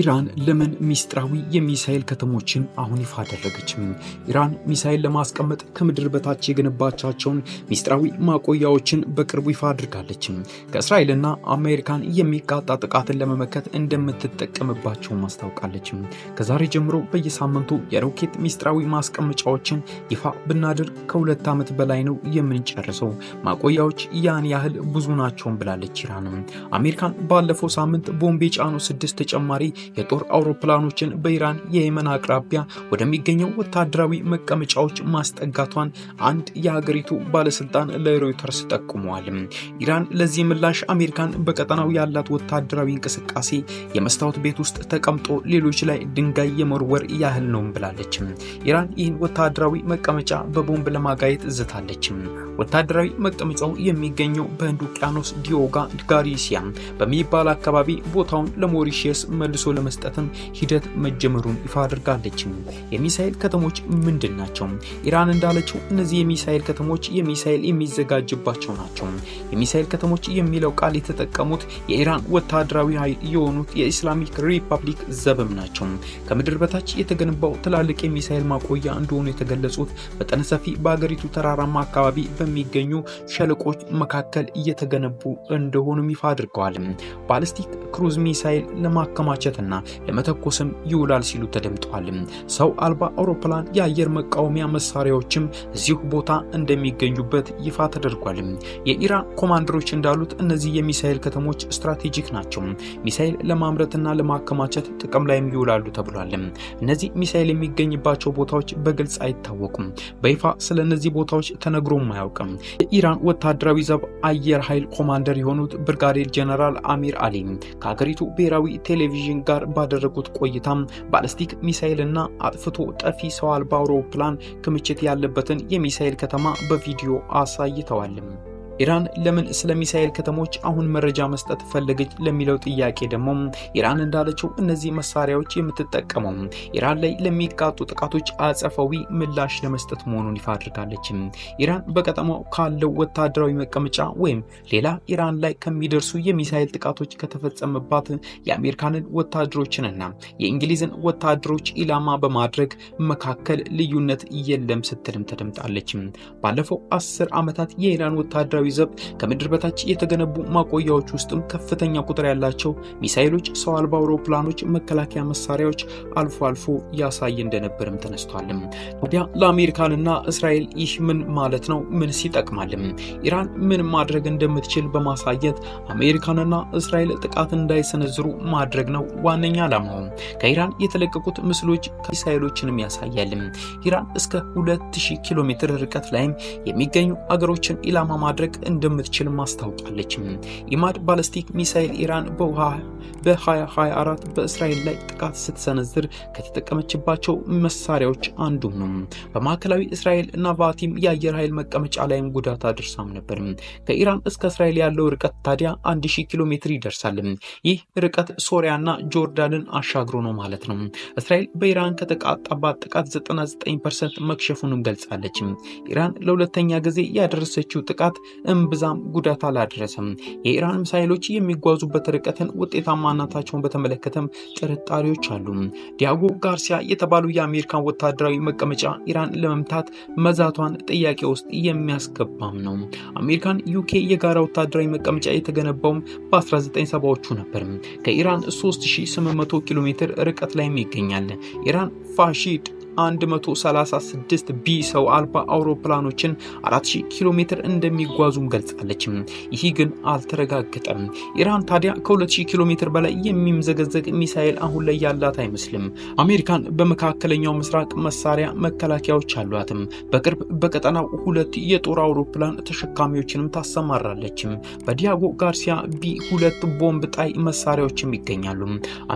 ኢራን ለምን ሚስጥራዊ የሚሳኤል ከተሞችን አሁን ይፋ አደረገችም? ኢራን ሚሳኤል ለማስቀመጥ ከምድር በታች የገነባቻቸውን ሚስጥራዊ ማቆያዎችን በቅርቡ ይፋ አድርጋለችም። ከእስራኤልና አሜሪካን የሚቃጣ ጥቃትን ለመመከት እንደምትጠቀምባቸው ማስታውቃለችም። ከዛሬ ጀምሮ በየሳምንቱ የሮኬት ሚስጥራዊ ማስቀመጫዎችን ይፋ ብናደርግ ከሁለት ዓመት በላይ ነው የምንጨርሰው። ማቆያዎች ያን ያህል ብዙ ናቸውን ብላለች ኢራን። አሜሪካን ባለፈው ሳምንት ቦምብ የጫኑ ስድስት ተጨማሪ የጦር አውሮፕላኖችን በኢራን የየመን አቅራቢያ ወደሚገኘው ወታደራዊ መቀመጫዎች ማስጠጋቷን አንድ የሀገሪቱ ባለስልጣን ለሮይተርስ ጠቁመዋል። ኢራን ለዚህ ምላሽ አሜሪካን በቀጠናው ያላት ወታደራዊ እንቅስቃሴ የመስታወት ቤት ውስጥ ተቀምጦ ሌሎች ላይ ድንጋይ የመወርወር ያህል ነው ብላለች። ኢራን ይህን ወታደራዊ መቀመጫ በቦምብ ለማጋየት ዝታለች። ወታደራዊ መቀመጫው የሚገኘው በህንድ ውቅያኖስ ዲዮጋ ጋሪሲያ በሚባል አካባቢ ቦታውን ለሞሪሽየስ መልሶ ለመስጠትም ሂደት መጀመሩን ይፋ አድርጋለች። የሚሳኤል ከተሞች ምንድን ናቸው? ኢራን እንዳለችው እነዚህ የሚሳኤል ከተሞች የሚሳኤል የሚዘጋጅባቸው ናቸው። የሚሳኤል ከተሞች የሚለው ቃል የተጠቀሙት የኢራን ወታደራዊ ኃይል የሆኑት የኢስላሚክ ሪፐብሊክ ዘበም ናቸው። ከምድር በታች የተገነባው ትላልቅ የሚሳኤል ማቆያ እንደሆኑ የተገለጹት መጠነ ሰፊ በሀገሪቱ ተራራማ አካባቢ በሚገኙ ሸለቆች መካከል እየተገነቡ እንደሆኑም ይፋ አድርገዋል። ባሊስቲክ ክሩዝ ሚሳኤል ለማከማቸት ለማጥፋትና ለመተኮስም ይውላል ሲሉ ተደምጠዋል። ሰው አልባ አውሮፕላን የአየር መቃወሚያ መሳሪያዎችም እዚሁ ቦታ እንደሚገኙበት ይፋ ተደርጓል። የኢራን ኮማንደሮች እንዳሉት እነዚህ የሚሳኤል ከተሞች ስትራቴጂክ ናቸው። ሚሳኤል ለማምረትና ለማከማቸት ጥቅም ላይም ይውላሉ ተብሏል። እነዚህ ሚሳኤል የሚገኝባቸው ቦታዎች በግልጽ አይታወቁም። በይፋ ስለ እነዚህ ቦታዎች ተነግሮም አያውቅም። የኢራን ወታደራዊ ዘብ አየር ኃይል ኮማንደር የሆኑት ብርጋዴር ጀነራል አሚር አሊ ከሀገሪቱ ብሔራዊ ቴሌቪዥን ጋር ጋር ባደረጉት ቆይታም ባለስቲክ ሚሳይልና አጥፍቶ ጠፊ ሰው አልባ አውሮፕላን ክምችት ያለበትን የሚሳይል ከተማ በቪዲዮ አሳይተዋል። ኢራን ለምን ስለ ሚሳኤል ከተሞች አሁን መረጃ መስጠት ፈለገች ለሚለው ጥያቄ ደግሞ ኢራን እንዳለችው እነዚህ መሳሪያዎች የምትጠቀመው ኢራን ላይ ለሚቃጡ ጥቃቶች አጸፋዊ ምላሽ ለመስጠት መሆኑን ይፋ አድርጋለች። ኢራን በቀጠናው ካለው ወታደራዊ መቀመጫ ወይም ሌላ ኢራን ላይ ከሚደርሱ የሚሳኤል ጥቃቶች ከተፈጸመባት የአሜሪካንን ወታደሮችንና የእንግሊዝን ወታደሮች ኢላማ በማድረግ መካከል ልዩነት የለም ስትልም ተደምጣለች። ባለፈው አስር ዓመታት የኢራን ወታደራዊ ብሔራዊ ዘብ ከምድር በታች የተገነቡ ማቆያዎች ውስጥም ከፍተኛ ቁጥር ያላቸው ሚሳይሎች፣ ሰው አልባ አውሮፕላኖች፣ መከላከያ መሳሪያዎች አልፎ አልፎ ያሳይ እንደነበርም ተነስቷልም። ታዲያ ለአሜሪካንና እስራኤል ይህ ምን ማለት ነው? ምን ሲጠቅማልም? ኢራን ምን ማድረግ እንደምትችል በማሳየት አሜሪካንና እስራኤል ጥቃት እንዳይሰነዝሩ ማድረግ ነው ዋነኛ ዓላማው። ከኢራን የተለቀቁት ምስሎች ሚሳይሎችንም ያሳያልም። ኢራን እስከ 2000 ኪሎ ሜትር ርቀት ላይም የሚገኙ አገሮችን ኢላማ ማድረግ ማድረግ እንደምትችል ማስታውቃለች። ኢማድ ባለስቲክ ሚሳይል ኢራን በውሃ በ2024 በእስራኤል ላይ ጥቃት ስትሰነዝር ከተጠቀመችባቸው መሳሪያዎች አንዱ ነው። በማዕከላዊ እስራኤል ቫቲም የአየር ኃይል መቀመጫ ላይም ጉዳት አድርሳም ነበር። ከኢራን እስከ እስራኤል ያለው ርቀት ታዲያ 1000 ኪሎ ሜትር ይደርሳል። ይህ ርቀት ሶሪያና ጆርዳንን አሻግሮ ነው ማለት ነው። እስራኤል በኢራን ከተቃጣባት ጥቃት 99 ፐርሰንት መክሸፉንም ገልጻለች። ኢራን ለሁለተኛ ጊዜ ያደረሰችው ጥቃት እምብዛም ጉዳት አላደረሰም። የኢራን ሚሳይሎች የሚጓዙበት ርቀትን ውጤታማነታቸውን በተመለከተም ጥርጣሬዎች አሉ። ዲያጎ ጋርሲያ የተባሉ የአሜሪካን ወታደራዊ መቀመጫ ኢራን ለመምታት መዛቷን ጥያቄ ውስጥ የሚያስገባም ነው። አሜሪካን ዩኬ የጋራ ወታደራዊ መቀመጫ የተገነባውም በ1970ዎቹ ነበር። ከኢራን 3800 ኪሎ ሜትር ርቀት ላይም ይገኛል። ኢራን ፋሺድ 136 ቢ ሰው አልባ አውሮፕላኖችን 4000 ኪሎ ሜትር እንደሚጓዙም ገልጻለች። ይህ ግን አልተረጋገጠም። ኢራን ታዲያ ከ2000 ኪሎ ሜትር በላይ የሚምዘገዘግ ሚሳኤል አሁን ላይ ያላት አይመስልም። አሜሪካን በመካከለኛው ምስራቅ መሳሪያ መከላከያዎች አሏትም። በቅርብ በቀጠናው ሁለት የጦር አውሮፕላን ተሸካሚዎችንም ታሰማራለች። በዲያጎ ጋርሲያ ቢ ሁለት ቦምብ ጣይ መሳሪያዎችም ይገኛሉ።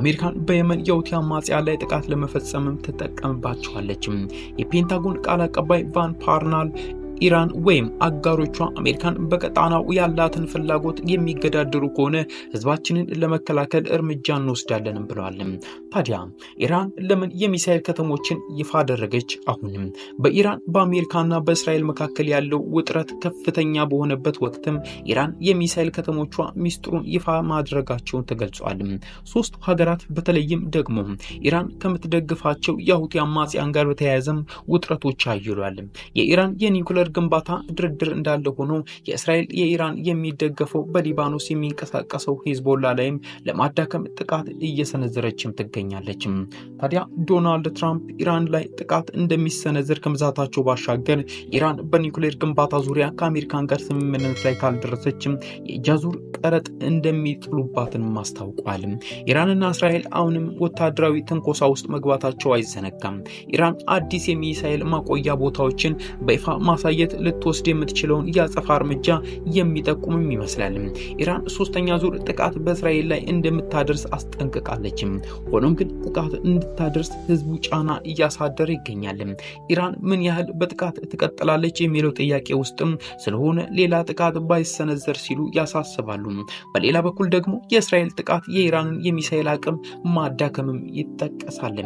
አሜሪካን በየመን የውቲ አማጽያ ላይ ጥቃት ለመፈጸምም ትጠቀምባቸው አስታውቃቸዋለችም። የፔንታጎን ቃል አቀባይ ቫን ፓርናል ኢራን ወይም አጋሮቿ አሜሪካን በቀጣናው ያላትን ፍላጎት የሚገዳደሩ ከሆነ ህዝባችንን ለመከላከል እርምጃ እንወስዳለንም ብለዋል። ታዲያ ኢራን ለምን የሚሳይል ከተሞችን ይፋ አደረገች? አሁንም በኢራን በአሜሪካና በእስራኤል መካከል ያለው ውጥረት ከፍተኛ በሆነበት ወቅትም ኢራን የሚሳኤል ከተሞቿ ሚስጥሩን ይፋ ማድረጋቸውን ተገልጿል። ሶስቱ ሀገራት በተለይም ደግሞ ኢራን ከምትደግፋቸው የሁቲ አማጽያን ጋር በተያያዘም ውጥረቶች አይሏል። የኢራን የኒውክለር የመንደር ግንባታ ድርድር እንዳለ ሆኖ የእስራኤል የኢራን የሚደገፈው በሊባኖስ የሚንቀሳቀሰው ሂዝቦላ ላይም ለማዳከም ጥቃት እየሰነዘረችም ትገኛለች ታዲያ ዶናልድ ትራምፕ ኢራን ላይ ጥቃት እንደሚሰነዘር ከመዛታቸው ባሻገር ኢራን በኒውክሌር ግንባታ ዙሪያ ከአሜሪካን ጋር ስምምነት ላይ ካልደረሰችም የጃዙር ቀረጥ እንደሚጥሉባትን አስታውቋል። ኢራንና እስራኤል አሁንም ወታደራዊ ትንኮሳ ውስጥ መግባታቸው አይዘነጋም። ኢራን አዲስ የሚሳኤል ማቆያ ቦታዎችን በይፋ ማሳየ ማሳየት ልትወስድ የምትችለውን የአጸፋ እርምጃ የሚጠቁምም ይመስላል። ኢራን ሶስተኛ ዙር ጥቃት በእስራኤል ላይ እንደምታደርስ አስጠንቅቃለች ሆኖም ግን ጥቃት እንድታደርስ ህዝቡ ጫና እያሳደረ ይገኛል። ኢራን ምን ያህል በጥቃት ትቀጥላለች የሚለው ጥያቄ ውስጥም ስለሆነ ሌላ ጥቃት ባይሰነዘር ሲሉ ያሳስባሉ። በሌላ በኩል ደግሞ የእስራኤል ጥቃት የኢራንን የሚሳኤል አቅም ማዳከምም ይጠቀሳል።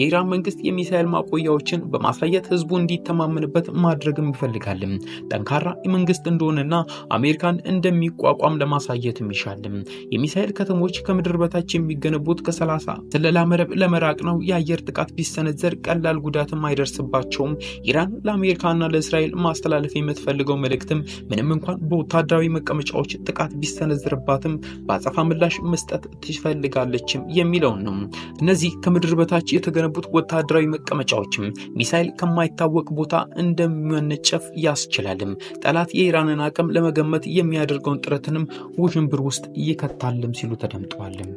የኢራን መንግስት የሚሳኤል ማቆያዎችን በማሳየት ህዝቡ እንዲተማመንበት ማድረግም ይፈልጋል። ይፈልጋልም። ጠንካራ መንግስት እንደሆነና አሜሪካን እንደሚቋቋም ለማሳየትም ይሻልም። የሚሳኤል ከተሞች ከምድር በታች የሚገነቡት ከሰላሳ ስለላ መረብ ለመራቅ ነው። የአየር ጥቃት ቢሰነዘር ቀላል ጉዳትም አይደርስባቸውም። ኢራን ለአሜሪካና ለእስራኤል ማስተላለፍ የምትፈልገው መልእክትም ምንም እንኳን በወታደራዊ መቀመጫዎች ጥቃት ቢሰነዝርባትም በአጸፋ ምላሽ መስጠት ትፈልጋለችም የሚለውን ነው። እነዚህ ከምድር በታች የተገነቡት ወታደራዊ መቀመጫዎችም ሚሳይል ከማይታወቅ ቦታ እንደሚመነጨፍ ለመቅረፍ ያስችላልም። ጠላት የኢራንን አቅም ለመገመት የሚያደርገውን ጥረትንም ውዥንብር ውስጥ ይከታልም ሲሉ ተደምጠዋልም።